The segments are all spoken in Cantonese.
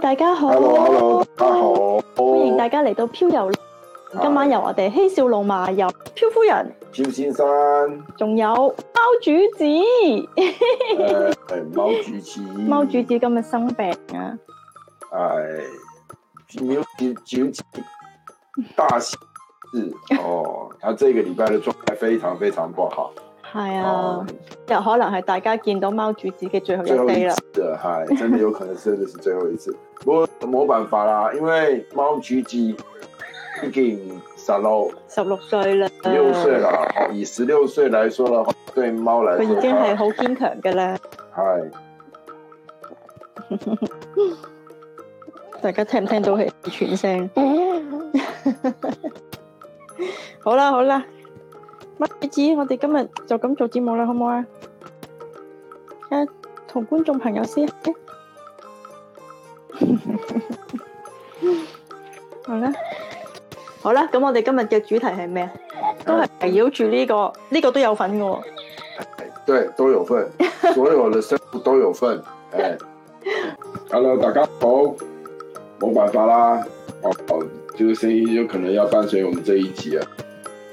大家好，大家好，歡迎大家嚟到漂遊。哎、今晚由我哋嬉笑怒罵入，由漂夫人，漂先生，仲有貓主子，係、哎、貓主子，貓主子今日生病啊，係貓主子大件事哦，他這個禮拜的狀態非常非常不好。係啊，哦、又可能係大家見到貓主子嘅最後一次啦。係，真係有可能真係 是最後一次。不過冇辦法啦，因為貓主子已經十六，十六歲啦。十六歲啦，以十六歲來說的話，對貓嚟佢已經係好堅強噶啦。係 是， 大家聽唔聽到佢喘聲？ 好啦，好啦。唔知我哋今日就咁做節目啦，好唔好啊？誒，同觀眾朋友先，好啦，好啦，咁我哋今日嘅主題係咩啊？都係圍繞住呢個，呢個都有份嘅。對，都有份，所有嘅生活都有份。誒，Hello，大家好，冇辦法啦，哦，呢個聲音有可能要伴隨我們這一集啊。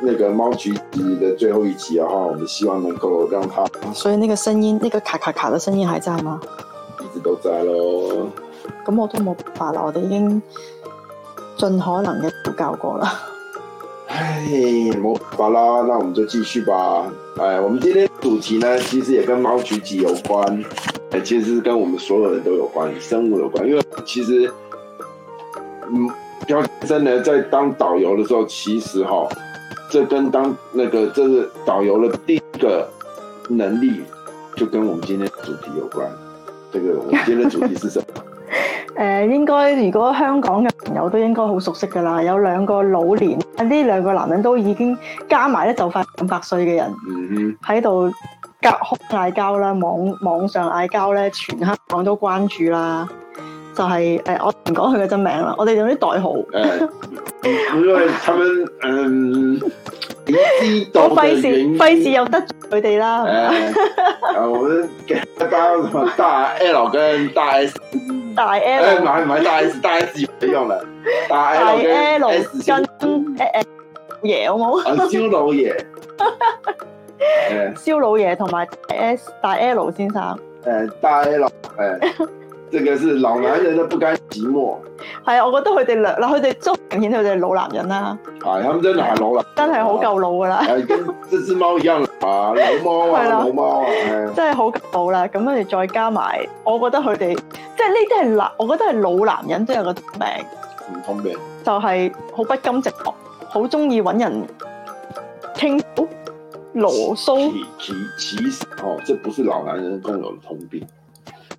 那個貓橘子的最後一集的、啊、話，我們希望能夠讓它。所以那個聲音，那個卡卡卡的聲音還在嗎？一直都在嘍。咁我都冇辦法啦，我哋已經盡可能嘅教過啦。哎冇法啦，那我們就繼續吧。哎我們今天的主題呢，其實也跟貓橘子有關，唉，其實是跟我們所有人都有關，生物有關。因為其實，嗯，漂先生在當導遊的時候，其實哈。這跟當那個，這、就是導遊的第一個能力，就跟我們今天的主題有關。這個，我們今天主題是什麼？誒、 呃，應該如果香港嘅朋友都應該好熟悉噶啦，有兩個老年，呢兩個男人都已經加埋咧就快五百歲嘅人，嗯哼，喺度隔空嗌交啦，網網上嗌交咧，全香港都關注啦。就係、是、誒、呃，我唔講佢嘅真名啦，我哋用啲代號。誒、 呃，因為差唔，嗯、呃。 知道就影，費事又得罪佢哋啦。誒，我咧加大 L 跟大 S，大 L，唔係唔係大 S，大 S 唔一樣啦。大 L 跟誒誒爺好唔好？蕭老爺，蕭老爺同埋大 S 大 L 先生。誒，大 L 誒。這個是老男人的不甘寂寞。係啊，我覺得佢哋兩，嗱，佢哋都明顯佢哋係老男人啦、啊。係、哎，他們男人、啊、真係老啦，真係好夠老㗎喇。係、哎，跟隻隻貓一樣，老貓啊，老貓啊，老貓啊真係好夠老啦。咁跟住再加埋，我覺得佢哋，即係呢啲係老，我覺得係老男人都有個通病。唔通病就係好不甘寂寞，好鍾意搵人傾，好羅嗦。其其實哦，這不是老男人共有通病。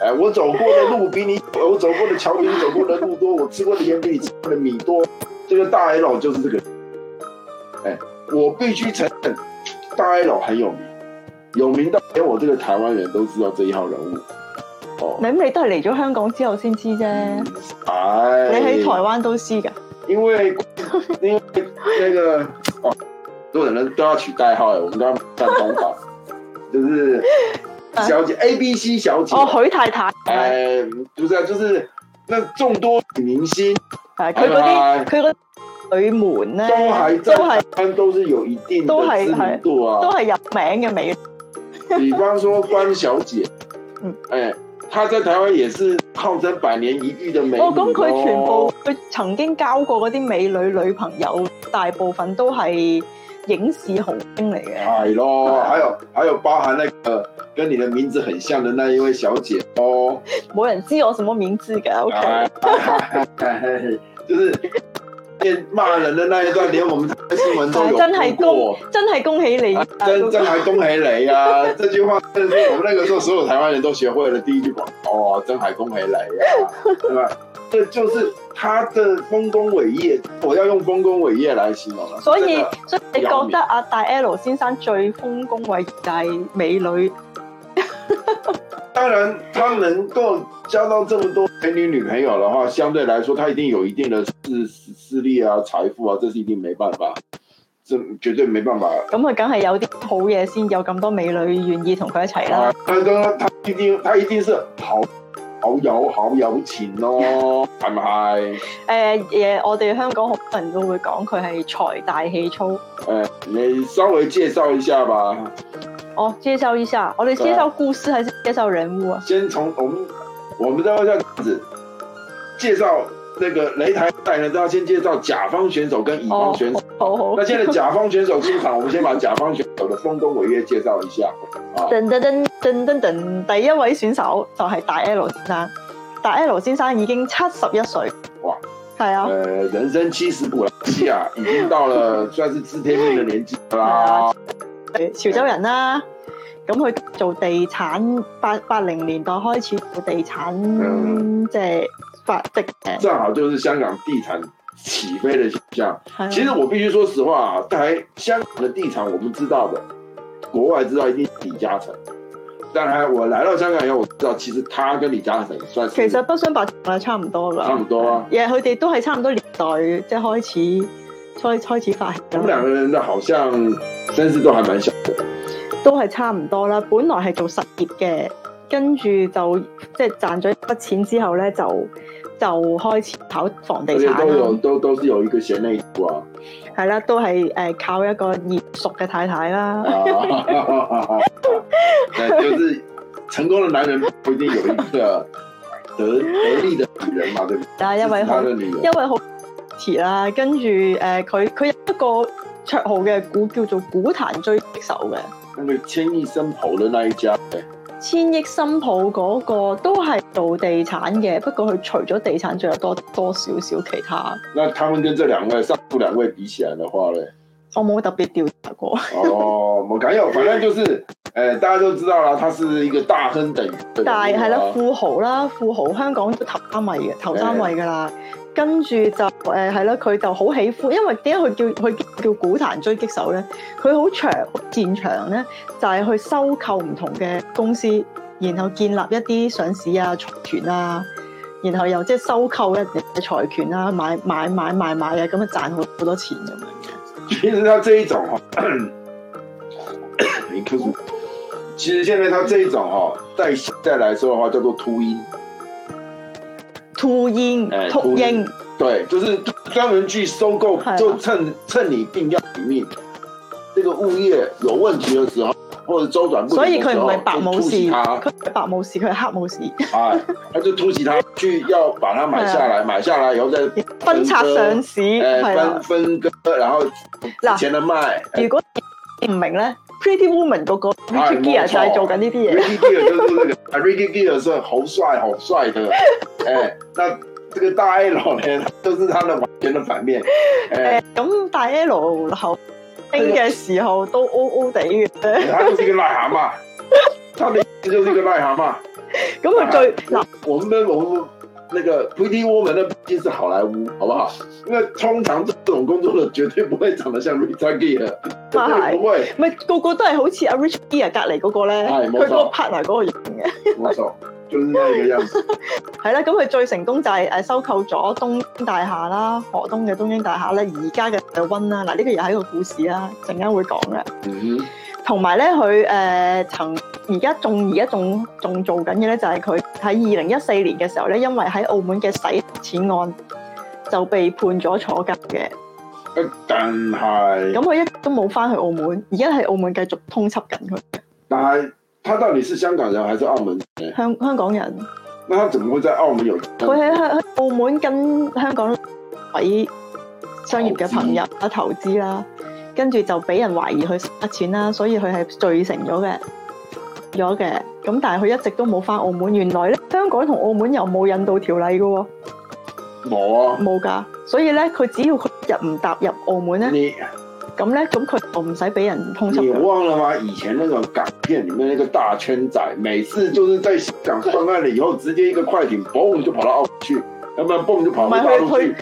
哎，我走過的路比你走，我走過的橋比你走過的路多，我吃過的鹽比你吃過的米多。這個大 L 就是這個。哎，我必須承認，大 L 很有名，有名到連我這個台灣人都知道這一號人物。哦，咁你，你都係嚟咗香港之後先知啫？係、嗯，你喺台灣都知噶？因為因、那、這個哦，都人都要取代號哎，我們剛剛中法， 就是。啊、小姐 A、B、C 小姐，哦，許太太，誒、欸，唔知啊，就是那眾多女明星，係佢嗰啲佢個女們咧，都係都係，都是有一定的知名度啊，都係有名嘅美女。 比方說關小姐，嗯，誒，她在台灣也是號稱百年一遇的美女。哦，咁佢全部佢曾經交過嗰啲美女女朋友，大部分都係，影視紅星嚟嘅，係咯吧，還有還有包含那個跟你的名字很像的那一位小姐咯，冇人知道我什麼名字噶，OK，哎哎哎，就是罵人的那一段連我們台新聞都有，哎，真係恭真係恭喜你，真恭喜你，啊，真係恭喜你啊！這句話，真我們那個時候所有台灣人都學會了第一句話，哦，真係恭喜你啊，係嘛？ 這就是他的豐功偉業，我要用豐功偉業來形容啦。所以，的所以你覺得阿大 L 先生最豐功偉績係美女？ 當然，他能夠交到這麼多美女女朋友的話，相對來說，他一定有一定的勢勢力啊、財富啊，這是一定沒辦法，這絕對沒辦法。咁佢梗係有啲好嘢先有咁多美女願意同佢一齊啦。但佢佢，他一定，他一定是好。好有好有錢咯、哦，係咪 ？誒、呃，嘢我哋香港好多人都會講佢係財大氣粗。誒、呃，你稍微介紹一下吧。哦，介紹一下，我哋介紹故事，還是介紹人物啊？先從我們，我我哋就咁樣子介紹。這個擂台賽呢，都要先介紹甲方選手跟乙方選手。好好，那現在甲方選手出場， 我們先把甲方選手的豐功偉業介紹一下。噔噔噔噔噔噔，第一位選手就係大 L 先生。大 L 先生已經七十一歲。哇！係啊。誒、呃，人生七十古來稀啊，已經到了算是知天命嘅年紀啦、啊。潮州人啦、啊，咁佢是做地產，八八零年代開始做地產，即係、嗯。就是發達正好就是香港地產起飛的現象。啊、其實我必須說實話啊，台香港的地產，我們知道的，國外知道一定是李嘉誠。但係我來到香港以後，我知道其實他跟李嘉誠算是其實都相伯仲差唔多啦，差唔多，多啊。因佢哋都係差唔多年代，即、就、係、是、開始開始開始發。佢哋兩個人咧，好像身世都還蠻相似。都係差唔多啦，本來係做實業嘅，跟住就即係賺咗一筆錢之後咧，就。就開始跑房地產 okay，都有，都都是有一個賢內助啊，係啦，都係、呃、靠一個賢淑嘅太太啦。誒、啊， 就是成功的男人不一定有一個得 得、得力的女人嘛，對唔對？啊，因為很因為好遲啦，跟住誒，佢、呃、佢一個綽號嘅股叫做股壇狙擊手嘅。跟住千億新抱嘅那一家、欸。千億新抱嗰個都係做地產嘅，不過佢除咗地產，仲有多多少少其他。那他們跟這兩位新抱兩位比起來的話呢？我冇特別調查過哦。哦，冇緊要，反正就是。誒、呃，大家都知道啦，他是一個大亨，等但大系啦，富豪啦，富豪香港都頭三位嘅頭三位噶啦，是的跟住就誒係啦，佢、呃、就好喜歡，因為點解佢叫佢叫股壇狙擊手咧？佢好長，戰場咧，就係、是、去收購唔同嘅公司，然後建立一啲上市啊財團啊，然後又即係收購一啲財權啦，啊，買買買買買啊，咁樣賺好好多錢咁樣嘅。其實呢這一種嗬，其實現在他這一種哈，在現在來說的話，叫做禿鷹。禿鷹，禿鷹，對，就是專門去收購，就趁趁你病要你命。這個物業有問題的時候，或者周轉不，所以佢唔係白武士，佢白武士，佢係黑武士。啊，他就突襲他去，要把它買下來，買下來，以後再分拆上市，分分割，然後錢的賣。如果唔明咧？Pretty Woman 嗰個 Richie Gear 就係做緊呢啲嘢。Richie Gear 就做呢個，Richie Gear 是好帥好帥的，誒，那這個大 L 咧，都是他的完全的反面。誒，咁大 L 後兵嘅時候都 O O 地嘅，他就是一個癩蛤蟆，他就是一個癩蛤蟆。咁啊，最嗱，我們我。那個 Pretty Woman 呢，畢竟係好萊塢，好不好？因為通常這種工作的絕對不會長得像 Richard Gere 唔是 會，個個都係好似 Richard Gere 隔籬嗰個咧，佢、哎、個 partner 嗰個，錯 個樣嘅。冇錯，就呢個樣。係啦，咁佢最成功就係誒收購咗東英大廈啦，河東嘅東英大廈咧，而家嘅 One 啦，嗱呢，這個又係一個故事啦，陣間會講嘅。嗯同埋咧，佢誒曾而家仲而家仲仲做緊嘅咧，就係佢喺二零一四年嘅時候咧，因為喺澳門嘅洗錢案就被判咗坐監嘅。但係咁佢一都冇返去澳門，而家喺澳門繼續通緝緊佢。但係，他到底是香港人還是澳門人？香香港人。那他怎麼會在澳門有影響？佢喺香澳門跟香港位商業嘅朋友啊投資啦。跟住就俾人懷疑佢呃錢啦，所以佢係罪成咗嘅，咗嘅。咁但係佢一直都冇翻澳門。原來咧，香港同澳門又冇引渡條例嘅喎、哦。冇啊！冇㗎。所以咧，佢只要佢入唔踏入澳門咧，咁咧你，咁佢就唔使俾人通緝。你忘咗嘛？以前那個港片裡面那個大圈仔，每次就是在香港上岸了以後， 直接一個快艇，嘣就跑到澳門去，咁樣嘣就跑到澳門去。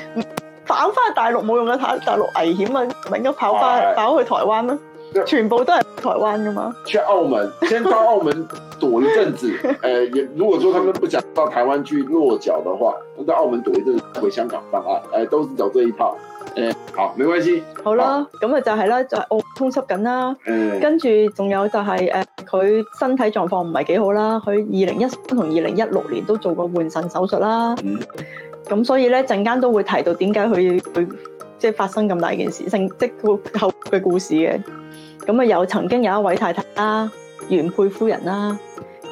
反翻大陸冇用啦，大陸危險啊，咪應該跑翻好跑去台灣咯，是全部都係台灣㗎嘛。去澳門，先到澳門躲一陣子，誒、 呃，如果說他們不想到台灣去落腳的話，到澳門躲一陣，回香港方案，誒、呃，都是走這一套。呃、好，冇關係。好啦，咁啊好就係啦，就澳門通緝緊啦。誒、嗯，跟住仲有就係、是、誒，佢、呃、身體狀況唔係幾好啦，佢二零一三同二零一六年都做過換腎手術啦。嗯。咁所以咧陣間都會提到點解佢佢即係發生咁大件事，性即係後嘅故事嘅。咁啊，有曾經有一位太太啦、啊，原配夫人啦、啊，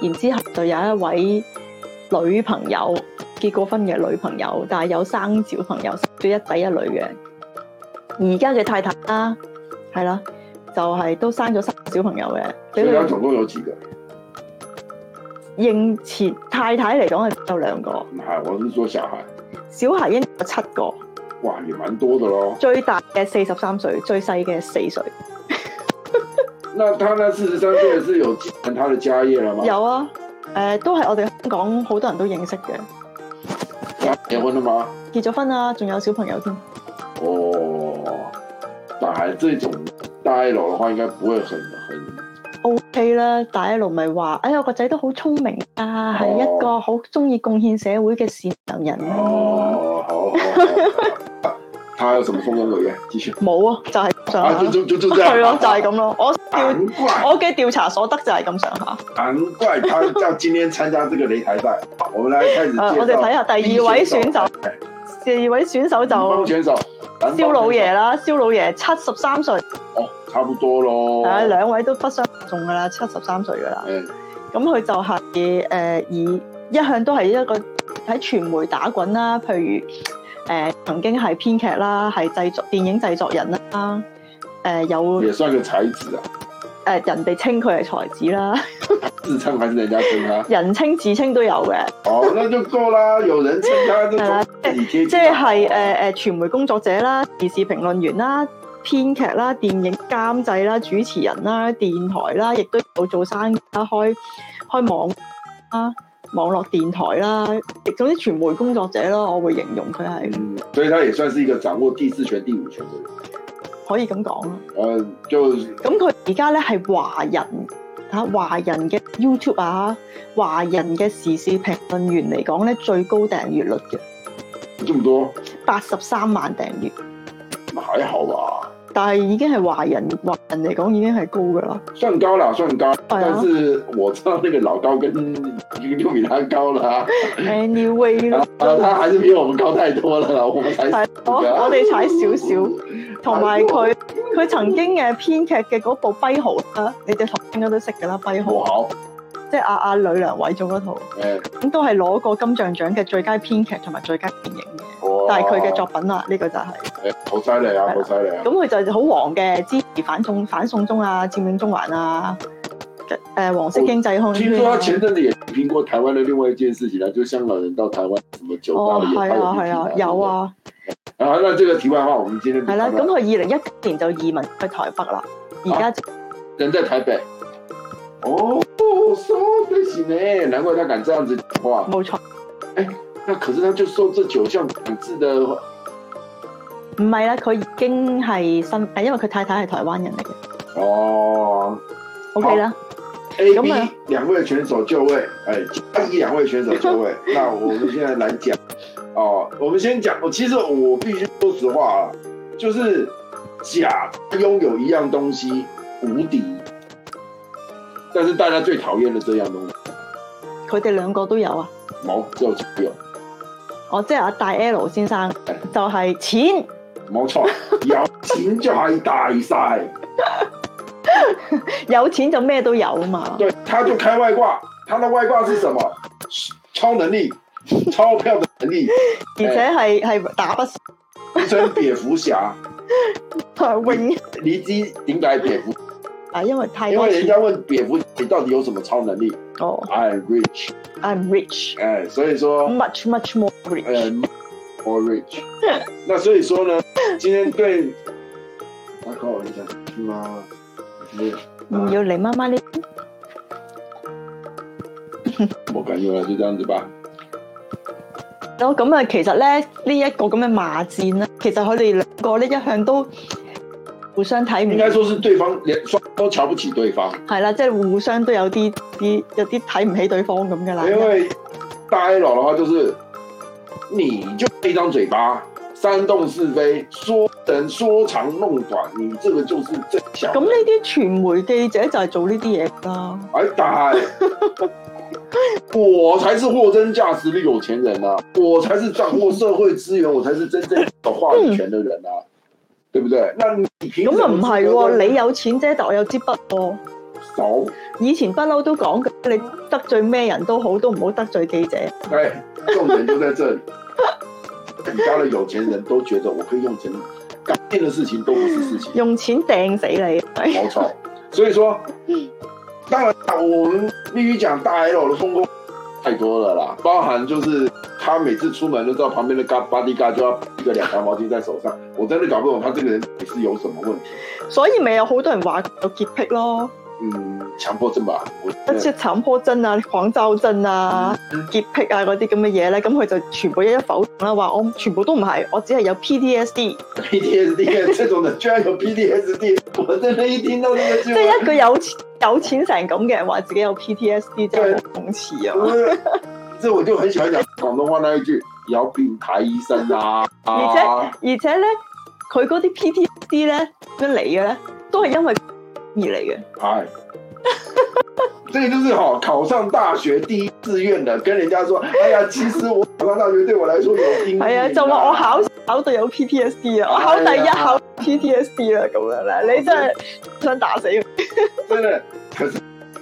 然之後就有一位女朋友結過婚嘅女朋友，但係有生小朋友，生咗一仔一女嘅。而家嘅太太啦、啊，係啦、啊，就係、是、都生咗三個小朋友嘅。兩床都有仔嘅。應前太太嚟講係有兩個。唔係，我是講小孩。小孩應該有七個，哇，你蠻多的咯。最大嘅四十三歲，最細嘅四歲。 那他呢？四十三歲是有繼承他的家業了嗎？有啊，誒、呃，都係我哋香港好多人都認識嘅、啊。結婚了嗎？結咗婚啦，仲有小朋友添。哦，但係這種大佬嘅話，應該不會很很。O K 啦，大一路咪話，哎呀個仔都好聰明啊，係一個好中意貢獻社會嘅善良人哦，好，睇下有冇風光嘅嘢，冇啊，就係咁上下。係咯，就係咁咯。我調，我嘅調查所得就係咁上下。難怪他要今天參加這個擂台賽。我們來開始介紹。我哋睇下第二位選手。第二位選手就。選手。蕭老爺啦，蕭老爺七十三歲。差不多咯，啊，兩位都不相伯仲噶啦，七十三歲噶啦，咁佢 Yeah.、嗯、就係、是、誒、呃，以一向都係一個喺傳媒打滾啦，譬如誒、呃，曾經係編劇啦，係製作電影製作人啦，誒、呃，有也算嘅才子啊，誒、呃，人哋稱佢係才子啦， 人稱自稱還是人家稱人稱自稱都有嘅，哦 、呃，那就夠、是、啦，有人稱啊，即係誒誒，傳媒工作者啦，時事評論員啦。編劇啦、電影監製啦、主持人啦、電台啦，亦都有做生意啦開開網啦、網絡電台啦，亦總啲傳媒工作者咯，我會形容佢係、嗯。所以佢也算是一個掌握第四權、第五權嘅人，可以咁講咯。誒、嗯，就咁佢而家咧係華人吓，華人嘅 YouTube 啊，華人嘅時事評論員嚟講咧，最高訂閱率嘅，咁多八十三萬訂閱，唔係還好吧？但係已經係華人華人嚟講，已經係高噶啦，算高啦算高，但是、啊、我差呢那個老高跟已經就比他高啦 ，Anyway，但、 啊、他還是比我們高太多了，我哋踩少少，同埋佢佢曾經嘅編劇嘅嗰部《跛豪》啊，你哋應該都識噶啦，《跛豪》。即係阿阿呂良偉做嗰套，咁、欸、都係攞過金像獎嘅最佳編劇同埋最佳電影嘅，哦啊、但係佢嘅作品、這個就是欸、啊，呢個就係好犀利啊，好犀利！咁佢就好黃嘅，支持反送反送中啊，佔領中環啊，誒、呃，黃色經濟圈。佢前陣子又評過台灣嘅另外一件事情咧，就香港人到台灣什麼酒吧哦，酒啊有啊，啊，啊，有啊對對。啊，那這個題外話，我唔知天係啦。咁佢二零一一年就移民去台北啦，而家、啊、人在台北。哦，哦，燒得行嘞，難怪他敢這樣子講話。沒錯錯，哎、欸，那可是他就受這九項管制的。話，唔係啦，佢已經係新，哎，因為佢太太係台灣人嚟嘅。哦，OK 啦，A B，兩位選手就位，哎，A B 兩位選手就位， 那我們現在來講，哦、 啊，我們先講，我其實我必須說實話啊，就是甲他擁有一樣東西無敵。但是大家最討厭的這樣東西，佢哋兩個都有啊？冇，只有錢。哦，即係阿大 L 先生，哎、就係錢，冇錯，有錢就係大晒， 有錢就咩都有啊嘛。對，他就開外掛，他的外掛是什麼？超能力，鈔票的能力，而且係係、哎、打不死，成 蝙蝠俠，永 ，你知點解蝙蝠？啊，因為太好奇。因為人家問蝙蝠，你到底有什麼超能力？哦，I'm rich，I'm rich。誒，所以說 much much more rich，more rich。那所以說呢，今天對，大家好，我哋叫你媽，你有雷媽媽呢？冇緊要啦，就咁樣子吧。好，咁啊，其實咧呢一個咁嘅罵戰咧，其實佢哋兩個咧一向都。互相睇唔，應該說是對方連雙都瞧不起對方。係啦、啊，即係互相都有啲啲有啲睇唔起對方咁嘅啦。因為大劉嘅話，就是你就一張嘴巴，煽動是非，說人說長弄短，你這個就是真相。咁呢啲傳媒記者就係做呢啲嘢啦。哎，大佬， 我才是貨真價實嘅有錢人啊，我才是掌握社會資源， 我才是真正有話語權嘅人啊。嗯對不對？咁啊唔係喎，有你有錢啫，但我有支筆喎，哦。有少以前不嬲都講緊，你得罪咩人都好，都唔好得罪記者。係重點就在這裏，而家嘅有錢人都覺得我可以用錢，咩嘅 事情都不是事情，用錢掟死你。冇錯錯， 所以說，當然當我們必須講大 L 嘅風功太多了啦，包含就是。他每次出門都知道旁邊的噶巴啲噶就要一個兩條毛巾在手上，我真的搞不懂他這個人是有什麼問題。所以咪有好多人話佢有潔癖咯，嗯，強迫症吧，即係強迫症啊，狂躁症啊，嗯嗯、潔癖啊嗰啲咁嘅嘢咧，咁佢就全部一一否定啦，話我全部都唔係，我只係有 PTSD。PTSD 嘅這種人居然有 PTSD，我真係一聽到呢個字，即係一個有錢有錢成咁嘅人話自己有 PTSD 真係諷刺啊！對 我就很喜歡講廣東話那一句有病睇醫生啦，啊啊，而且而且咧佢嗰啲 PTSD 咧咩嚟嘅咧？都係因為你嚟嘅，係、哎，即係 就是哈、哦、考上大學第一志願嘅。跟人家說，哎呀，其實我考上大學對我來說有病、啊，係啊，就話我考考到有 PTSD 啊，我考第一考 PTSD 啦，咁、哎、呀樣咧，你真係想打死了， 真係。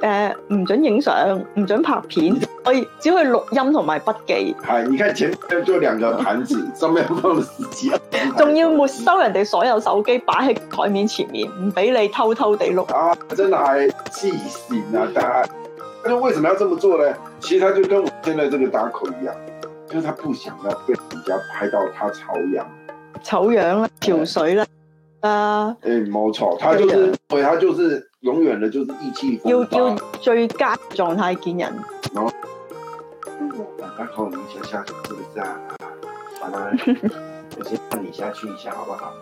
誒，唔、呃、准影相，唔准拍片，可以只可以錄音同埋筆記。係，你看前面就兩個盤子， 上面放手機，仲要沒收人哋所有手機，擺喺台面前面，唔俾你偷偷地錄。啊，真係黐線啊！但係，佢為什麼要這麼做咧？其實佢就跟我現在這個檔口一樣，就是他不想要被人家拍到他醜樣，醜樣啦，跳水啦。啊，誒、uh, 欸，冇錯，他就是，佢、這個，他就是永遠的，就是意氣風發，要要最佳狀態見人。嗯，剛好我唔想下去，是不是啊？好啦，我先讓你下去一下，好不好？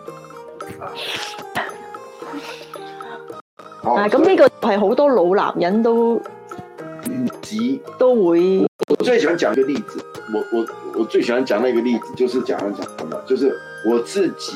啊，啊，咁呢個係好多老男人都唔止，急都會。我最喜歡講一個例子，我我我最喜歡講一個例子，就是講一講講什麼，就是我自己。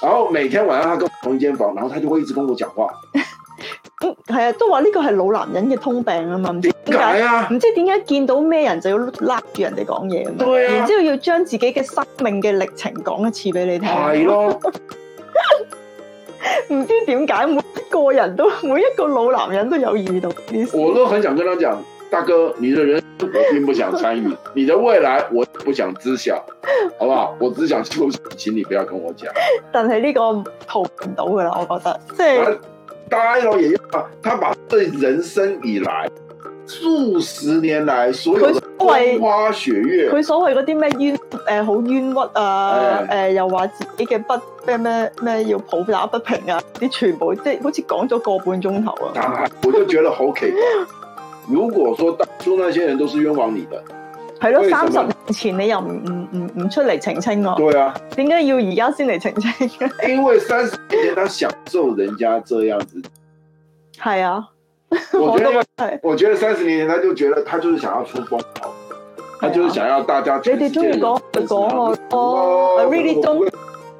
然後每天晚上，他跟我同一間房，然後他就會一直跟我講話。嗯，係啊，都話呢個係老男人嘅通病啊嘛。唔知點解啊？唔知點解見到咩人就要拉住人哋講嘢。對啊。然之後要將自己嘅生命嘅歷程講一次俾你聽。係咯、哦。唔、嗯、 知點解每一個人都每一個老男人都有遇到呢啲。我都很想跟他講，大哥，你嘅人生我並不想參與， 你的未來我不想知曉。 好唔好？我只想求，請你不要跟我講。但係呢個逃唔到噶啦，我覺得即係，呆、就、咯、是，亦要。他把對人生以來數十年來所有的風花雪月，佢所謂嗰啲咩冤誒，好、呃、冤屈啊！誒、哎哎呃，又話自己嘅不咩咩咩要抱打不平啊！啲全部即係好似講咗個半鐘頭啊！但 係我就覺得好奇怪，如果說當初那些人都是冤枉你的。係咯，三十年前你又唔唔唔唔出嚟澄清喎，對啊，點解要而家先嚟澄清？因為三十年前他享受人家這樣子，係啊，我覺得，我覺得三十年前他就覺得，他就是想要出風頭，他就是想要大家 really don't，don't，哦，really don't，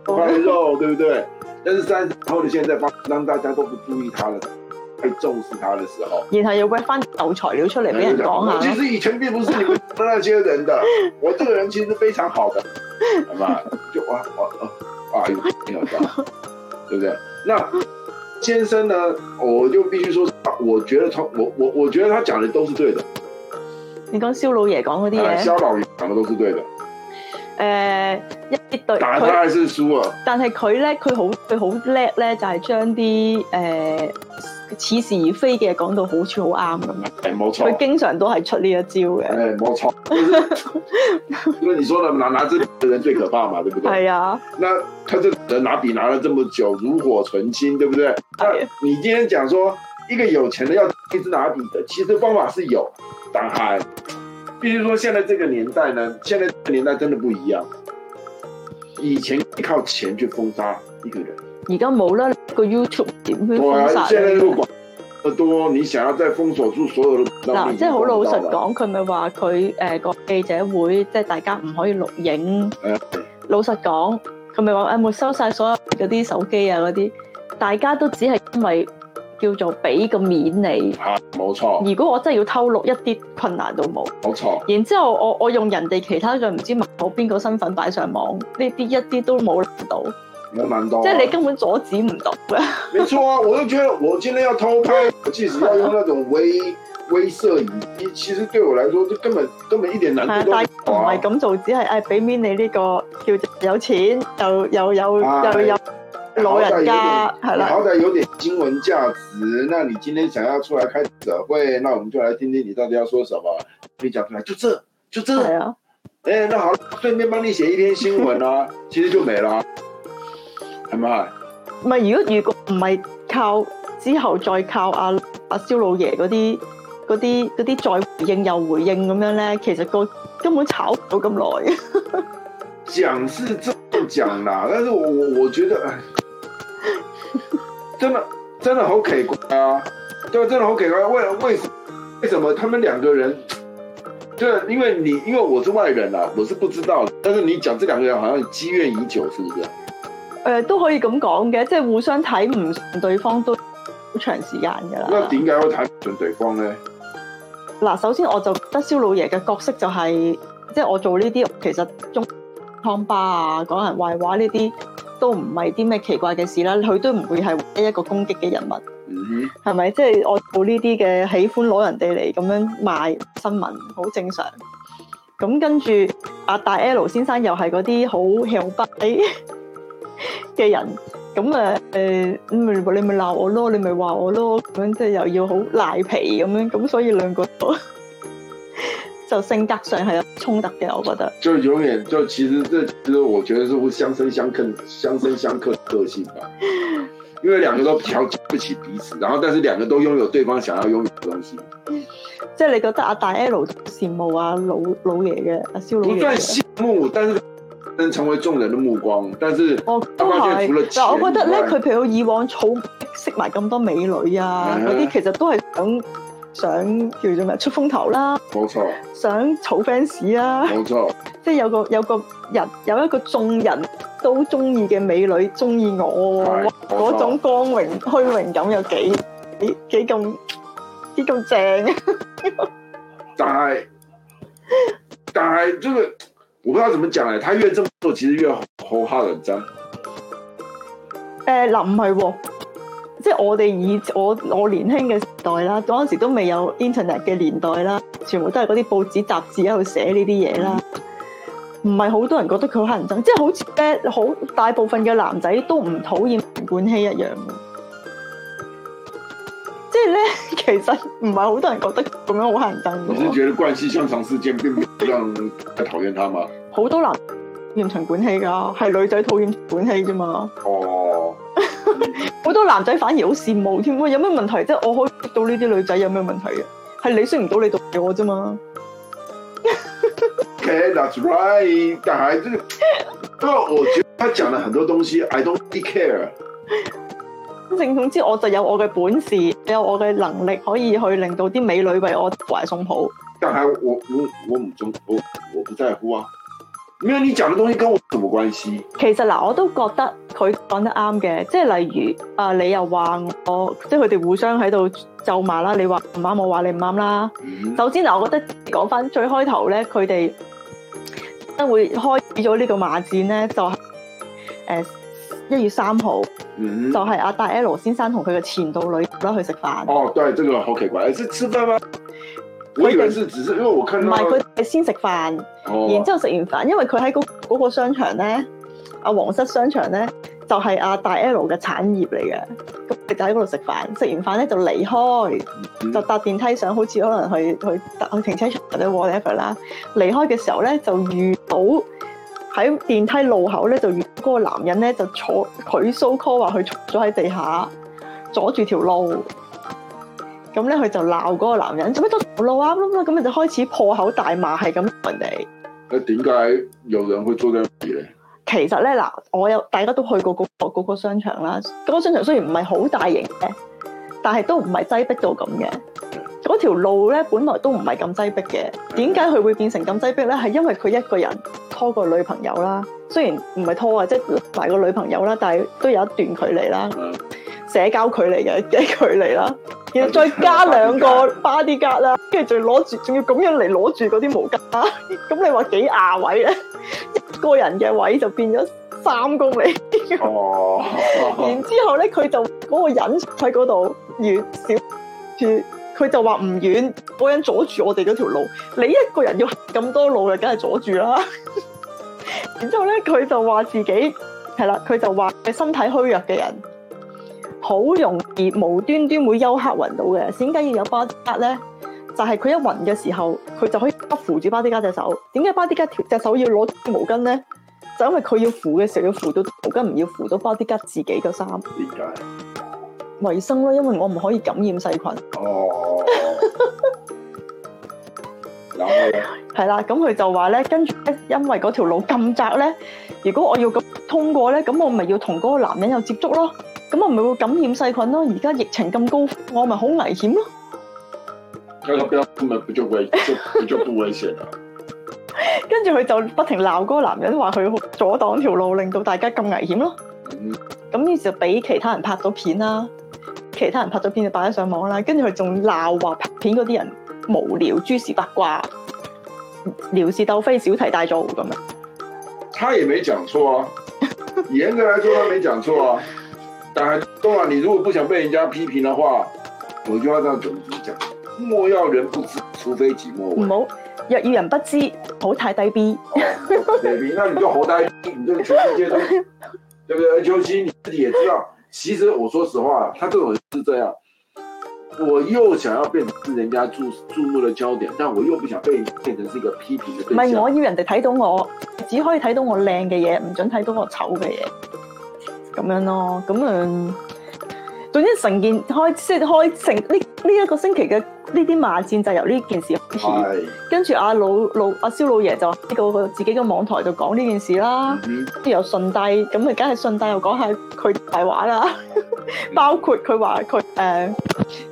塊肉，對不對？但是三十後的現在，讓大家都不注意他了。在重視他的時候，然後又掘翻舊材料出嚟俾人講下。其實以前並不是你們那些人的， 我這個人其實非常好的，係嘛？ 就哇哦哦，啊，沒有聽到， 對不對？那先生呢？我就必須說，我覺得他，我我我覺得他講的都是對的。你講蕭老爺講嗰啲咧，蕭老爺講的爺都是對的。誒、嗯，一啲對，打他還是輸，但係佢咧，佢好，佢好叻咧，就係將啲誒似是而非嘅講到好似好啱咁。誒、嗯，冇、哎、錯。佢經常都係出呢一招嘅。誒、哎，冇錯。就是、 因為你說的拿拿支筆嘅人最可怕嘛，對不對？係啊，那他這人拿筆拿了這麼久，爐火純青，對不對？你今天講說一個有錢的要一支拿筆的，其實方法是有，但係。譬如說，現在這個年代呢，現在這個年代真的不一樣。以前靠錢去封殺一個人，而家冇啦，個 YouTube 點會封殺咧？我喺現在如果管得多，你想要再封鎖住所有嗱，啊，即係好老實講，佢咪話佢誒個記者會，即係大家唔可以錄影。哎，呀老實講，佢咪話誒沒收晒所有嗰啲手機啊，嗰啲大家都只係因為。叫做俾個面你，冇、啊、錯。如果我真係要偷錄一啲困難都冇，冇錯。然之後我我用人哋其他嘅唔知某邊個身份擺上網，呢啲一啲都冇難度，冇難度、啊。即係你根本阻止唔到嘅。冇錯、啊，我都覺得我今天要偷拍， 我即使要用用嗰種威威攝影機其實對我嚟說就根本根本一點難度都冇、啊啊、但係唔係咁做，只係誒俾面你呢、這個叫做「有錢又又有又有。啊又老人家好歹有的好歹有點經文價值，那你今天想要出來開社會，那我們就來聽聽你到底要說什麼，你講出來就這就這啊，誒的、欸，那好，順便幫你寫一篇新聞啦、啊， 其實就沒了，係咪？咪如果唔係靠之後再靠阿阿蕭老爺嗰啲嗰啲嗰啲再回應又回應咁樣咧，其實個根本炒唔到咁耐。講 是正講啦，但是我我覺得誒。真的真係好奇怪，啊，對，真的好奇怪為為，為什麼他們兩個人？因為你因為我是外人啊，我是不知道。但是你講這兩個人好像積怨已久，是不是？誒、呃，都可以咁講嘅，即係互相睇唔順對方都好長時間噶啦。咁啊，點解會睇唔順對方咧？嗱，首先我就覺得蕭老爺嘅角色就係、是，即係我做呢啲，其實中湯巴啊，講人壞話呢啲。都唔係啲咩奇怪嘅事啦，佢都唔會係一個攻擊嘅人物，係咪？即係我做呢啲嘅，喜歡攞人哋嚟咁樣賣新聞，好正常。咁跟住阿大 L 先生又係嗰啲好向北嘅人，咁啊誒，咁你咪鬧我咯，你咪話我咯，咁樣即係又要好賴皮咁樣，咁所以兩個。就性格上係有衝突嘅，我覺得。就永遠就其實這，這其實我覺得是會相生相克、相生相克嘅個性吧。 因為兩個都瞧不起彼此，然後但是兩個都擁有對方想要擁有嘅東西。即係、嗯、你覺得阿大劉羨慕阿、啊、老老爺嘅阿蕭老爺，不羨慕，慕但是能成為眾人的目光，但是我都係。但係我覺得咧，佢外譬如以往草識埋咁多美女啊，嗰啲、嗯、哼其實都係想。想叫做咩出風頭啦，冇錯。想草 fans 啦，冇錯。即係有個有個人有一個眾人都中意嘅美女中意我，嗰種光榮虛榮感有幾幾幾咁幾咁正啊！但係但係，即係我不知道怎麼講咧。他越這麼做，其實越好人憎。誒，嗱，唔係喎。即係我哋以我我年輕嘅時代啦，嗰陣時都未有 internet 嘅年代啦，全部都係嗰啲報紙雜誌喺度寫呢啲嘢啦，唔係好多人覺得佢、嗯、好乞人憎，即係好似咧好大部分嘅男仔都唔討厭陳冠希一樣，即係咧其實唔係好多人覺得咁樣好乞人憎。你係覺得冠希香腸事件並不讓太討厭他嗎？好多男唔討厭陳冠希噶，係女仔討厭陳冠希啫嘛。哦。好 多男仔反而好羨慕添，有咩問題？即係我可以識到呢啲女仔有咩問題啊？係你識唔到你度我啫嘛 Okay, that's right，但係就 我，我覺，他講了很多東西，I don't、really、care。正總之我就有我嘅本事，有我嘅能力，可以去令到啲美女為我懷送抱。但係我我我唔做，我我，我，我唔在乎啊。因為你講嘅東西跟我什麼關係？其實嗱，我都覺得佢講得啱嘅，即係例如啊、呃，你又話我，即係佢哋互相喺度咒罵啦。你話唔啱，我話你唔啱啦。嗯、首先嗱，我覺得講翻最開頭咧，佢哋都會開始咗呢個罵戰咧，就誒、是、一、呃、月三號，嗯、就係阿大 L 先生同佢嘅前度女得去食飯。哦，都係呢個好奇怪，即係食飯嗎？我為係只是因為我坑唔係佢哋先食飯，哦、然之後食完飯，因為佢喺嗰個商場咧，阿皇室商場咧就係、是、阿大 L 嘅產業嚟嘅，咁佢就喺嗰度食飯，食完飯咧就離開，嗯、就搭電梯上，好似可能去去搭去停車場或者 whatever 啦。離開嘅時候咧就遇到喺電梯路口咧就遇嗰個男人咧就坐佢 so call 話佢坐咗喺地下阻住條路。咁咧，佢就鬧嗰個男人做咩都冇路啱啦咁，就開始破口大罵，係咁人哋。誒點解有人會租呢樣嘢咧？其實咧嗱，我有大家都去過嗰個嗰個商場啦。嗰個商場雖然唔係好大型嘅，但係都唔係擠逼到咁嘅。嗰條路咧，本來都唔係咁擠逼嘅。點解佢會變成咁擠逼咧？係因為佢一個人拖個女朋友啦。雖然唔係拖啊，即係埋個女朋友啦，但係都有一段距離啦。嗯社交距離嘅嘅距離啦，然後再加兩個 bodyguard 啦，跟住仲要攞住，仲要咁樣嚟攞住嗰啲毛巾。咁你話幾牙位咧？一個人嘅位就變咗三公里。哦、然之後咧，佢 就嗰、嗰個人喺嗰度遠少少，佢就話唔遠，嗰人阻住我哋嗰條路。你一個人要咁多路嘅，梗係阻住啦。然之後咧，佢就話自己係啦，佢就話身體虛弱嘅人。好容易無端端會休克暈到嘅，點解要有巴蒂吉咧？就係、是，佢一暈嘅時候，佢就可以扶住巴蒂吉隻手。點解巴蒂吉條隻手要攞毛巾咧？就因為佢要扶嘅時候，要扶到毛巾，唔要扶到巴蒂吉自己嘅衫。點解？衛生咯，因為我唔可以感染細菌。哦。係啦，咁佢就話咧，跟住咧，因為嗰條路咁窄咧，如果我要咁通過咧，咁我咪要同嗰個男人有接觸咯。咁我咪會感染細菌咯，而家疫情咁高，我咪好危險咯。佢入邊唔係比危，危險啦。跟住佢就不停鬧嗰個男人，話佢阻擋條路，令到大家咁危險咯。咁於是就俾其他人拍咗片啦，其他人拍咗片就擺咗上網啦。跟住佢仲鬧話拍片嗰啲人無聊、諸事八卦、聊是鬥非、小題大做咁樣。他也沒講錯，啊，嚴格來說，他沒講錯啊。 當然，當然，你如果不想被人家批評的話，有句話這樣講，莫要人不知，除非己莫為。唔好若要人不知，好太低逼。低 那你就活該，你這個全世界都對不對？邱清你自己也知道，其實我說實話，他這種是這樣，我又想要變成是人家注注目的焦點，但我又不想被變成是一個批評的對象。唔係，我要人哋睇到我，只可以睇到我靚嘅嘢，唔准睇到我醜嘅嘢。咁樣咯，咁啊，總之成件開，即係開成呢呢一個星期嘅呢啲罵戰就由呢件事開始。的跟住阿、啊、老老阿蕭老爺就呢、呢個自己個網台度講呢件事啦，跟住、嗯、哼又順帶咁啊，梗、嗯、係順帶又講下佢大話啦。 包括佢話佢誒，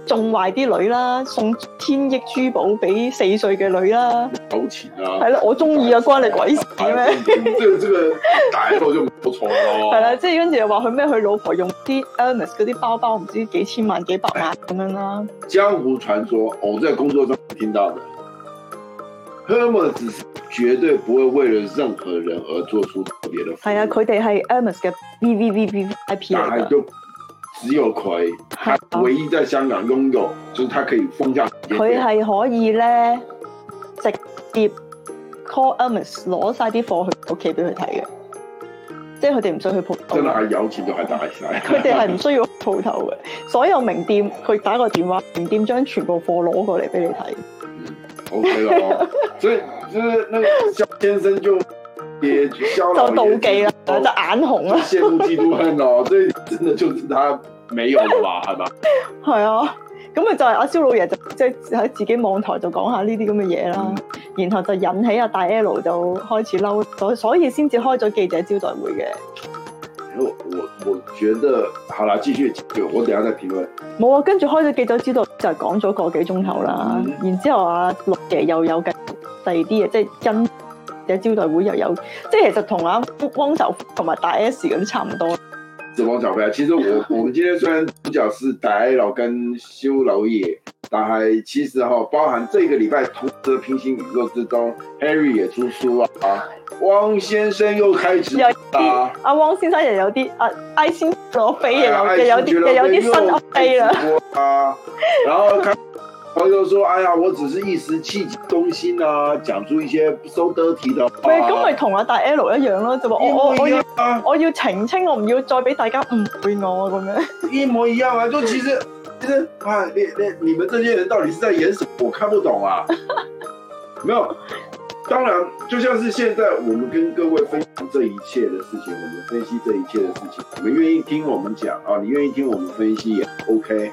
仲壞啲女啦，送天億珠寶俾四歲嘅女啦，有錢啊。係咯，我中意啊，關你鬼事咩？即係呢係，大個就唔錯咯。係啦，即係跟住又話佢咩？佢老婆用啲 Hermes 嗰啲包包，唔知幾千萬、幾百萬咁樣啦。江湖傳說，我在工作中聽到嘅 Hermes 只是絕對不會為了任何人而做出特別的。係啊， 佢哋係 Hermes 嘅 V V V V I P 嘅。只有佢，唯一在香港擁有，哦、就是佢可以放下。佢係可以咧，直接 call Hermes 攞晒啲貨去屋企俾佢睇嘅，即係佢哋唔需要去鋪頭。真係有錢就係大晒。佢哋係唔需要鋪頭嘅，所有名店佢打個電話，名店將全部貨攞過嚟俾你睇。嗯，OK 啦、哦， 所以即係呢個蕭先生就。就妒忌啦，就眼紅啦，羨慕嫉妒恨咯，所以 真係就是他沒有 吧，係嘛？係啊，咁咪就係阿蕭老爺就即係喺自己網台就講下呢啲咁嘅嘢啦，嗯、然後就引起阿大 L 就開始嬲，所所以先至開咗記者招待會嘅、哎。我我我覺得，好啦，繼續，我我等下再評論。冇啊，跟住開咗記者招待就係講咗個幾鐘頭啦，嗯、然之後阿六爺又有計細啲嘢，即係跟。有招待會又有，即係其實同阿、啊、汪兆同埋大 S 咁差唔多。是汪小菲啊，其實我我們今天雖然主角是大劉佬跟蕭老爺，但係其實哈，包含這個禮拜同個平行宇宙之中，Harry 也出書啊，汪先生又開始啲，阿汪先生又有啲啊，愛心左飛啊飛，又有又有啲新左飛啦，啊，然後。 朋友說：“哎呀，我只是一時氣急中心啊，講出一些不收得體的話、啊。”喂，咁咪同阿大 L 一樣咯，就話我我我要澄清，我唔要再俾大家誤會我咁樣。一模一樣啊！就、啊、其實對其實啊，你你你們這些人到底是在演什麼？我看不懂啊！ 沒有，當然，就像是現在我們跟各位分享這一切的事情，我們分析這一切的事情，你們願意聽我們講啊？你願意聽我們分析也、啊、OK。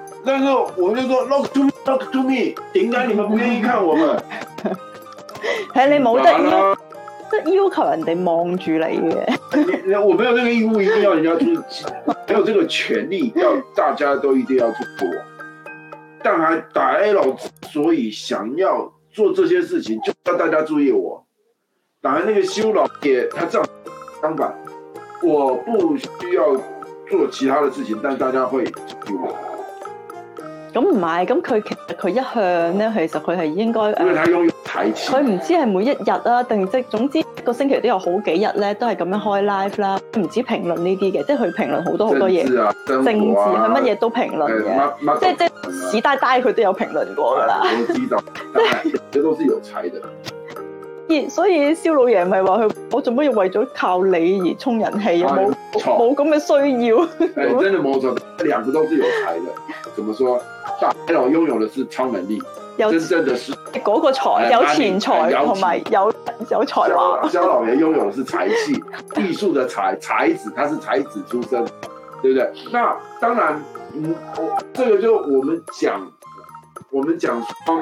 但是我就說 look to me，look to me，點解你們不願意看我們？係 你冇得要，得 要求人哋望住你嘅 你我沒有那個義務一定要人家做， 沒有這個權利要大家都一定要去做。 但還大劉之所以想要做這些事情，就要大家注意我。當然那個蕭老爹，他這樣相反，我不需要做其他的事情，但大家會注意我。咁唔係，咁佢其實佢一向咧，其實佢係應該睇，佢唔、嗯、知係每一日啊，定即總總之一個星期都有好幾日咧，都係咁樣開 live 啦，唔知評論呢啲嘅，即係佢評論好多好多嘢，政治佢乜嘢都評論嘅，即即屎呆呆佢都有評論過噶啦。 所以蕭老爺唔係話佢，我做乜要為咗靠你而充人氣？冇冇咁嘅需要。係、哎、真係冇錯，兩個都是有才嘅，怎麼說？大佬擁有的是超能力，有真正的是嗰個才有錢財同埋有才，精有，有，有才華。蕭老爺擁有的是才氣，藝術 的才，才子，他是才子出身，對不對？那當然，嗯，我這個就我們講，我們講說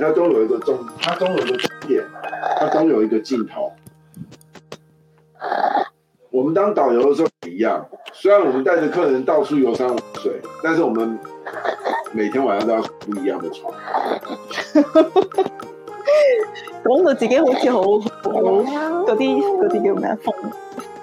它都有一個終，它都有一個終點，它都有一個盡頭。我們當導遊的時候也一樣，雖然我們帶着客人到處遊山玩水，但是我們每天晚上都要睡不一樣的床。講 到自己好似好好，嗰啲嗰啲叫咩啊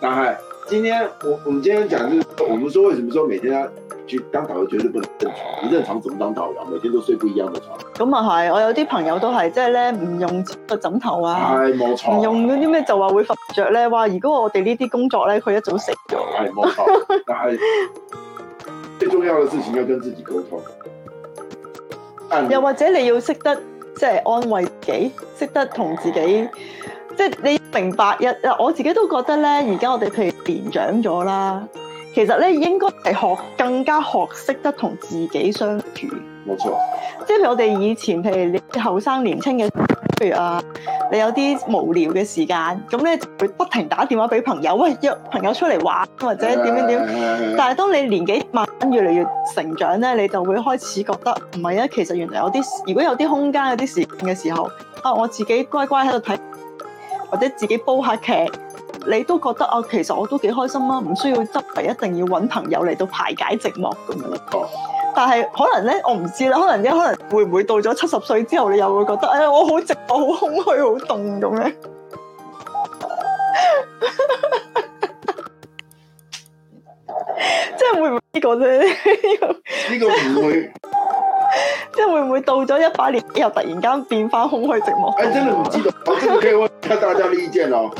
但啊係，今天我我們今天講就，我們說為什麼說每天要、啊、去當導遊絕對不能正常，你正常怎麼當導遊？每天都睡不一樣的床。咁啊係，我有啲朋友都係，即係咧唔用個枕頭啊，係冇、哎、錯，唔用嗰啲咩就話會瞓唔着咧。話，如果我哋呢啲工作咧，佢一早醒，係冇、哎、錯。咁係， 最重要嘅事情要跟自己溝通。又或者你要識得即係、就是、安慰自己，識得同自己。哎即係你明白一，我自己都覺得咧。而家我哋譬如年長咗啦，其實咧應該係學更加學識得同自己相處。冇錯，即係譬如我哋以前，譬如你後生年青年輕嘅，譬如啊，你有啲無聊嘅時間，咁咧就會不停打電話俾朋友，喂，約朋友出嚟玩，或者點點點。嗯嗯嗯、但係當你年紀慢慢越嚟越成長咧，你就會開始覺得唔係啊。其實原來有啲如果有啲空間、有啲時間嘅時候，啊，我自己乖乖喺度睇。或者自己煲下劇，你都覺得啊、哦，其實我都幾開心啦，唔需要執埋一定要搵朋友嚟到排解寂寞咁樣咯。但係可能咧，我唔知啦。可能咧，可能會唔會到咗七十歲之後，你又會覺得誒、哎，我好寂寞、好空虛、好凍咁咧？即係會唔會呢個咧？呢個唔會。 即係會唔會到咗一百年之後又突然間變翻空虛寂寞？哎、欸，真係唔知道，我、哦、真係希望聽大家的意見咯、哦。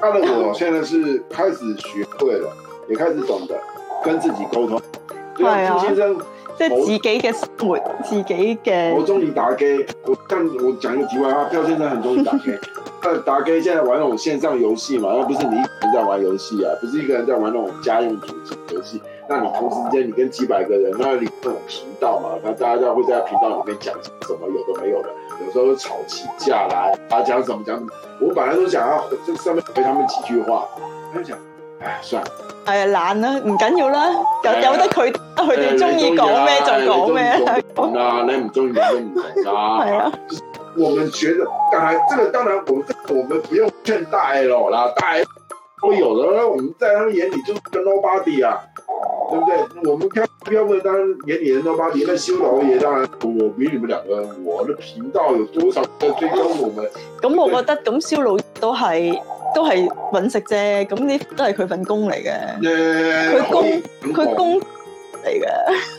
他的 我現在是開始學會了，也開始懂得跟自己溝通。係啊，我即係自己嘅生活，自己嘅。我鍾意打機，我，我講一個題外話，漂先生很中意打機。誒， 打機，現在玩嗰種線上遊戲嘛，又不是你一直在玩遊戲啊，不是一個人在玩那種家用主機遊戲。那你同時間，你跟幾百個人，那你會有頻道嘛，那大家都會在頻道裏面講什麼有都沒有的，有時候吵起架來，他、啊、講什麼講什麼，我本來都想要回這上面回他們幾句話，他們講，哎，算了，哎呀，懶啦，唔緊要啦，有得他佢哋中意講咩就講咩，唔啦， 你唔中意就唔啦。係 啊，我們覺得，當然這個當然我們我們不用勸大劉啦，大劉，我有的時候我們在他們眼裏就是個 Nobody 啊。對不對？我們開，要唔要？當然年年都幫你們蕭老也。當然，我比你們兩個，我的頻道有多少在追蹤我們？咁我覺得，咁蕭老都係，都係揾食啫。咁呢都係佢份工嚟嘅。佢工，佢工嚟嘅。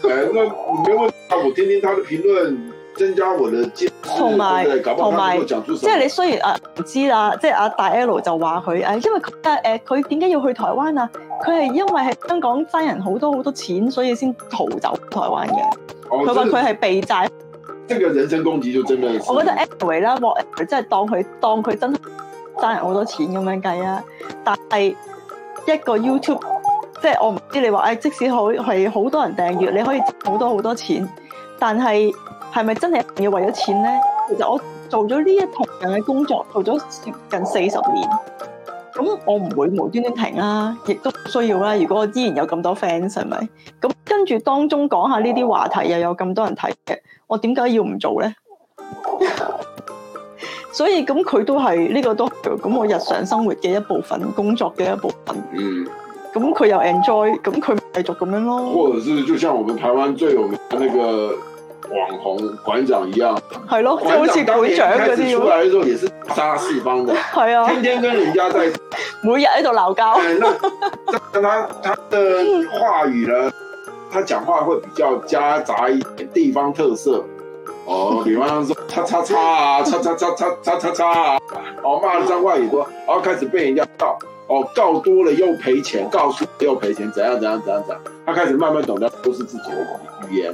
誒，那唔要問，我聽聽他的評論。增加我嘅接同埋同埋，即係你雖然啊唔知啦，即係阿大 L 就話佢誒，因為佢誒，佢點解要去台灣啊？佢係因為喺香港爭人好多好多錢，所以先逃走台灣嘅。佢話佢係避債。即、哦、個人身攻擊就真。我覺得 anyway 啦，即係當佢當佢真係爭人好多錢咁樣計啊！但係一個 YouTube，即係我唔知你話誒、哎，即使好係好多人訂閱，你可以賺好多好多錢，但係。係咪真係要為咗錢咧？其實我做咗呢一同樣嘅工作，做咗接近四十年，咁我唔會無端端停啦，啊，亦都需要啦，啊。如果我依然有咁多 fans，係咪？咁跟住當中講下呢啲話題，又有咁多人睇嘅，我點解要唔做咧？ 所以咁佢都係呢、這個都係咁我日常生活嘅一部分，工作嘅一部分。嗯。咁佢又 enjoy，咁佢繼續咁樣咯。或者是就像我們台灣最有名的那個。網紅館長一樣，係咯，都好似館長嗰啲咁。開始出來嘅時候也是殺四方的，係啊，天天跟人家在，每日喺度鬧交。對，那跟他他的話語呢，他講話會比較夾雜一點地方特色。哦，比方說，叉叉叉啊，叉叉叉叉叉叉叉啊，哦，罵髒話也多，然後開始被人家告，哦，告多了又賠錢，告輸又賠錢，怎樣怎樣怎樣怎樣，他開始慢慢懂得，都是自己的語言。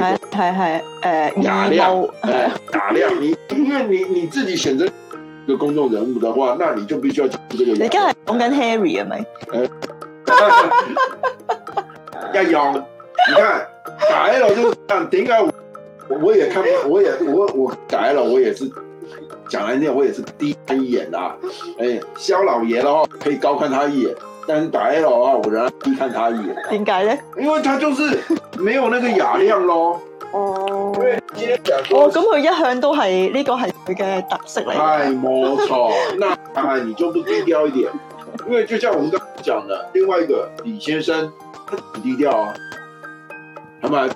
係係係，誒，雅量，誒，打量，你，因為你你自己選擇個公眾人物的話，那你就必須要講這個。你今日講緊 Harry 係咪？一 樣，而家打喺度就，但點解我我也看，我也我我打喺度，我也是講嚟聽，我也是低他一眼啊。誒、哎，蕭老爺咯，可以高看他一眼。但打 L 啊，我真係避看他一眼。點解呢？因為他就是沒有那個雅量咯。哦。因為今天講、嗯。哦，咁佢一向都係呢個係佢嘅特色嚟。係冇錯。錯 那阿 Mike 就不低調一點，因為就像我們剛剛講的，另外一個李先生很低調啊，係咪？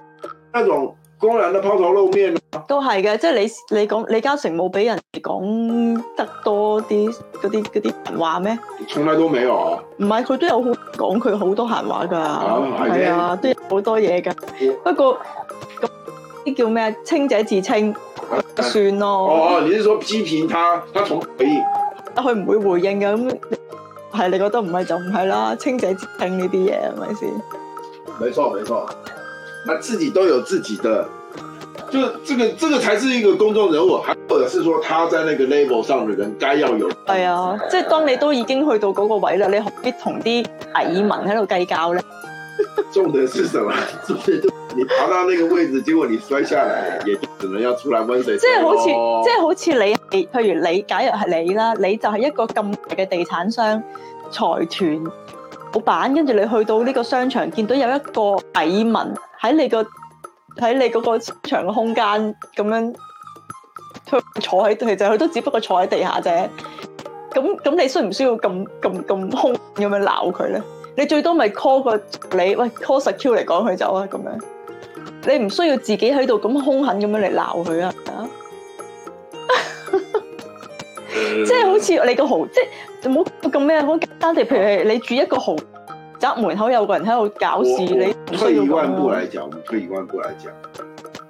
那種。公然地拋頭露面咯，都係嘅，即係你你講李嘉誠冇俾人講得多啲嗰啲嗰啲閒話咩？從來都未哦、啊，唔係佢都有講佢好多閒話噶，係啊、嗯，都有好多嘢噶。的不過咁啲叫咩清者自清，啊、算咯。哦你都說批評他，他從佢唔會回應嘅咁，係你，你覺得唔係就唔係啦？清者自清呢啲嘢係咪先？冇錯，冇錯。那自己都有自己的，就這個這個才是一個公眾人物，還或者是說他在那個 label 上的人，該要有。哎呀、啊，嗯、即係當你都已經去到嗰個位啦，你何必同啲蟻民喺度計較呢？重點是什麼？重點就 你爬到那個位置，結果你摔下來，也就只能要出來温水。即係好似，即係好似你，譬如你，假如係你啦，你就係一個咁大嘅地產商財團。老闆，跟住你去到呢個商場，見到有一個蟻民喺你，你個喺你嗰個商場嘅空間咁樣坐喺，其實佢都只不過坐喺地下啫。咁咁你需唔需要咁咁咁兇狠咁樣鬧佢咧？你最多咪 call 個你，喂 call security 嚟趕佢走啊，咁樣。你唔需要自己喺度咁凶狠咁樣嚟鬧佢啊！是即係好似你個豪，即係好咁咩，好簡單地，譬如你住一個豪宅門口有個人喺度搞事，你退一萬步來講，嗯，我們退一萬步來講，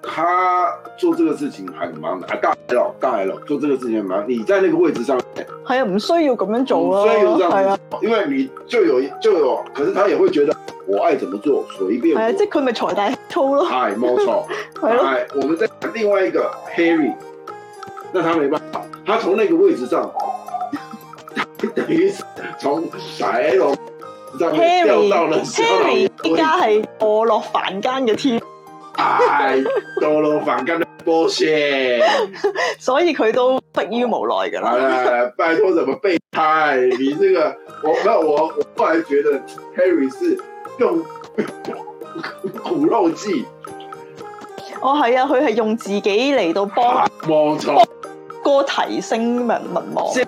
他做這個事情很忙，大劉大劉做這個事情很忙。你在那個位置上面，啊，唔需要咁樣做啊，係啊，因為你就有就有，可是他也會覺得我愛怎麼做隨便。係啊，即係佢咪財大氣粗咯，冇錯。好啦， 啊哎，我們再講另外一個 Harry，那他沒辦法。他從那個位置上、哦，等於從白龍上面掉到了少 Harry 依家係墮落凡間嘅天。哎，墮落凡間嘅波士。所以佢都迫於無奈噶啦。拜託，做乜備胎？你這個，我我我後來覺得、T、Harry 是用苦肉計。哦，係啊，佢係用自己嚟到幫。冇錯、哎。多提升民民望，現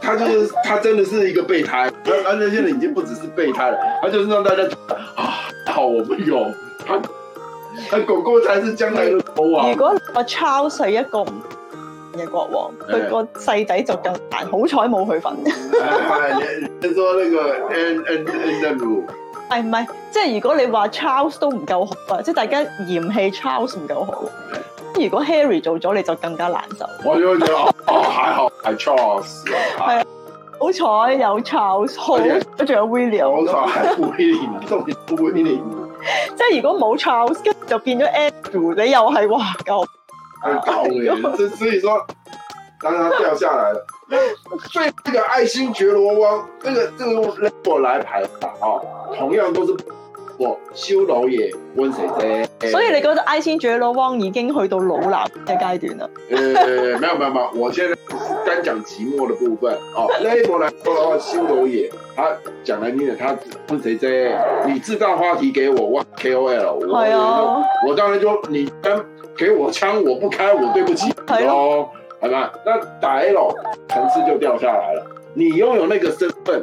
他就是，他真的是一個備胎。但但係，現在已經不只是備胎了，他就是讓大家啊，啊，我不用。他，哥哥才是將來的國王。如果我 Charles 一個唔嘅國王，佢、欸、個細仔就更難。好彩冇佢份。係、欸，聽、欸、說那個 An And Andrew 係唔係？即係如果你話 Charles 都唔夠好啊，即係大家嫌棄 Charles 唔夠好。欸如果 Harry 做咗，你就更加難受。我做你哦，還好，係 Charles。係 啊，好彩有 Charles，好，跟住有 William。好彩 係威廉， 當年威廉。即係如果冇 Charles，跟住就變咗 Andrew，你又係哇夠。係夠年，好 所以說，剛剛掉下來了。所以，這個愛新覺羅王，這個這個我來排吧，哦、啊，同樣都是。蕭老爺問誰啫。所以你覺得 Ice Jelly 老汪已經去到老男嘅階段了 、欸、沒有。誒，冇冇冇，我現在單講寂寞的部分哦。那 一波嚟到嘅蕭老爺，他講嚟呢，他問誰啫，你製造話題給我，我 K O L，我，、啊、我當然就你先給我槍，我不開，我對不起哦，好、啊、吧。那打 L 層次就掉下來了，你擁有那個身份。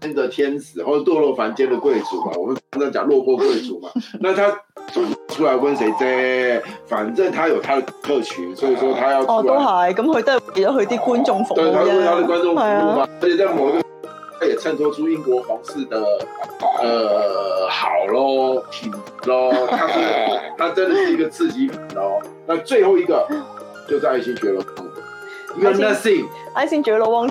天的天使，或者墮落凡間的貴族嘛？我們剛剛講落魄貴族嘛？ 那他總出來問誰？這，反正他有他的特權， 所以說他要哦，都係，咁佢都係為咗佢啲觀眾服務。對，為他，他的觀眾服務嘛。而且、啊、在某一個，他也襯托出英國皇室的，呃，好咯，挺咯， 他是，他真的是一個刺激品咯、哦。那最後一個，就是愛新覺羅，王。愛汪。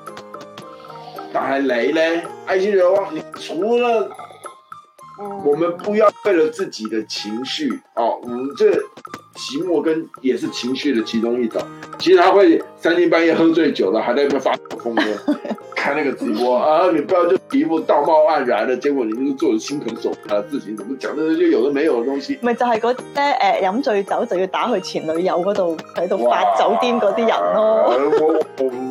打雷咧！愛心人王，你除了，我們不要為了自己的情緒哦。我們這期末跟也是情緒的其中一種。其實他會三更半夜喝醉酒了，還在一邊發瘋癲，開 那個直播啊！你不要就一副道貌岸然的，結果你就是做着心狠手辣的事情，啊、自己怎麼講？呢就有的沒有的東西。咪就係嗰啲咧，誒、呃，飲醉酒就要打去前女友嗰度，喺度發酒癲嗰啲人咯。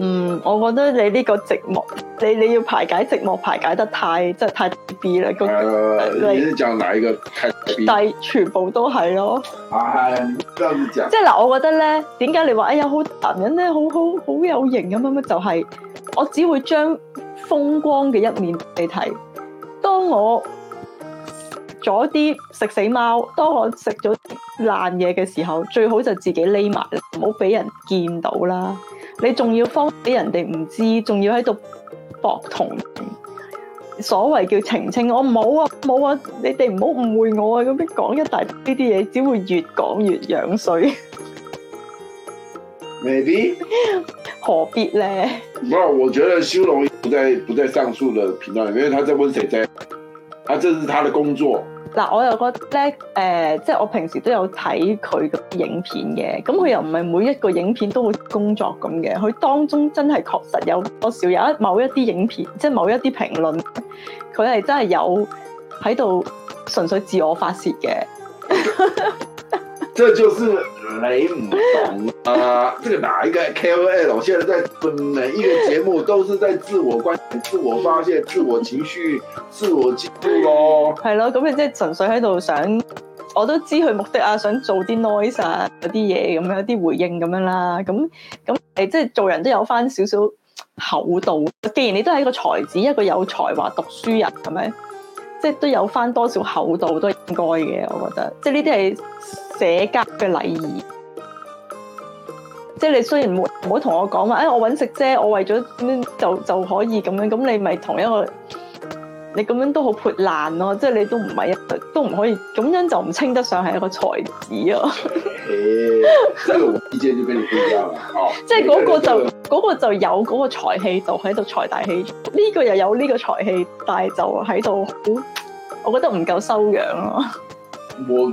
嗯，我覺得你呢個寂寞，你你要排解寂寞，排解得太真係太 B 啦。個、啊、你，你係講哪一個太 B？但係全部都係咯。係、啊，即係嗱，我覺得咧，點解你話哎呀好男人咧，好好好有型咁咁乜就係、係、我只會將風光嘅一面畀你睇。當我咗啲食死貓，當我食咗爛嘢嘅時候，最好就自己匿埋，唔好俾人見到啦。你仲要方俾人哋唔知，仲要喺度搏同情，所謂叫澄清，我冇啊，冇啊，你哋唔好誤會我啊，咁樣講一大堆呢啲嘢，只會越講越樣衰。Maybe 何必咧？唔係，我覺得修容不在不在上述的頻道，因為他在問誰在，他這是他的工作。嗱，我又覺得咧，誒、呃，即係我平時都有睇佢影片嘅，咁佢又唔係每一個影片都會工作咁嘅，佢當中真係確實有多少有一某一啲影片，即係某一啲評論，佢係真係有喺度純粹自我發洩嘅。 這就是你唔懂啊！這個哪一個 KOL？我現在在每一個節目都是在自我觀、自我發洩、自我情緒、自我記錄咯。係咯，咁你即係純粹喺度想，我都知佢目的啊，想做啲 noise 啊，有啲嘢咁樣，有啲回應咁樣啦。咁咁誒，你即係做人都有翻少少厚道。既然你都係一個才子，一個有才華讀書人，係咪？即係都有翻多少厚道都應該嘅。我覺得，即係呢啲係。社交嘅禮儀，即係你雖然唔好同我講話，哎，我揾食啫，我為咗就就可以咁樣，咁你咪同一個，你咁樣都好潑爛咯，啊，即係你都唔係，都唔可以咁樣就唔稱得上係一個才子啊！ 即係我就俾嗰個就嗰 個，嗰個就有嗰個才氣，就喺度財大氣，呢、呢個又有呢個才氣，但係就喺度，我覺得唔夠修養啊！我。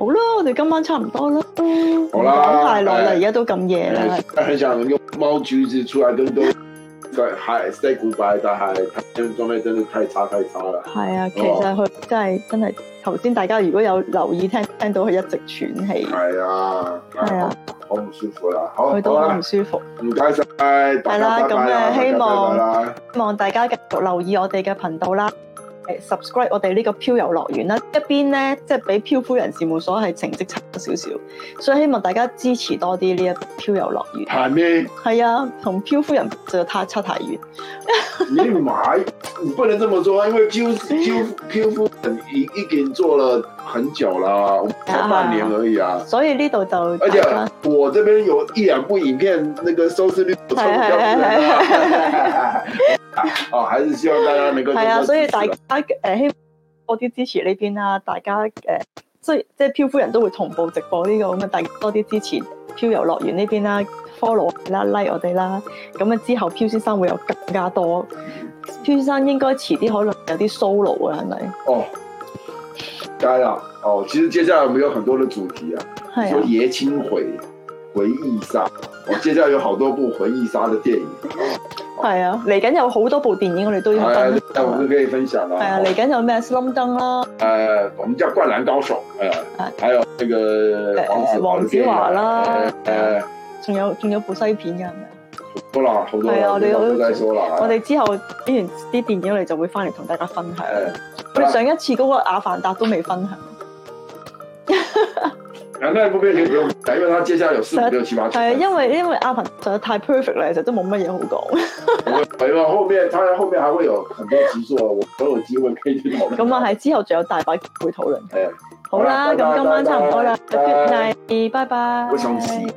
好啦，我哋今晚差唔多咯。好啦，講太耐啦，而家都咁夜啦。佢想用貓主子出嚟，都多，佢係 say goodbye，但係佢狀態真係太差太差啦。係啊，其實佢真係真係頭先大家如果有留意聽聽到佢一直喘氣。係啊，係啊，好唔舒服啦，好，好唔舒服。唔該晒，係啦，咁誒希望希望大家繼續留意我哋嘅頻道啦。subscribe 我哋呢個漂遊樂園啦，一邊咧，即係俾漂夫人事務所係成績差少少，所以希望大家支持多啲呢一漂遊樂園。係咩？係啊，同漂夫人就太差太遠。你唔買，你不能這麼做啊！因為漂漂漂夫人已經做了很久啦，做半年而已啊。所以呢度就而且我這邊有一兩部影片，那個收視率超漂夫哦、 啊，還是希望大家係 啊，所以大家誒，希、呃、多啲支持呢邊啦、啊。大家誒，即即漂夫人都會同步直播呢、這個咁嘅，但多啲支持漂遊樂圓呢邊啦、啊，follow 啦、啊，like 我哋啦、啊。咁啊之後，漂先生會有更加多。漂 先生應該遲啲可能有啲 solo 啊，係咪？哦，加啦、啊。哦，其實接下來我有很多嘅主題啊，做野親會。回憶殺，我接下有好多部回憶殺的電影，係啊，嚟緊有好多部電影，我哋都要等。但係我們可以分享啦。係啊，嚟緊有咩？《Slam Dunk》啦，誒，我們叫《灌籃高手》誒，啊，還有呢個黃黃子華啦，誒，仲有仲有部西片嘅係咪好難，好多係啊，你都好啦。我哋之後睇完啲電影，我哋就會翻嚟同大家分享。我哋上一次嗰個《阿凡達》都未分享。咁喺後面不用，因為他接下來有四五六七八，係啊，因為因為阿鵬實在太 perfect 啦，其實都冇乜嘢好講。係啊，後面，他後面還會有很多集數，我都有機會可以討論。咁啊，係之後仲有大把機會討論。係啊，好啦，咁今晚差唔多啦，good night，拜拜。我想試，呢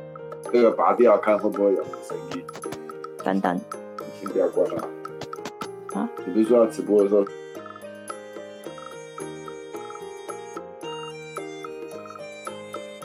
個拔掉，看會唔會有聲音。等等，你先不要關啦。啊？你不是說要直播嘅咩？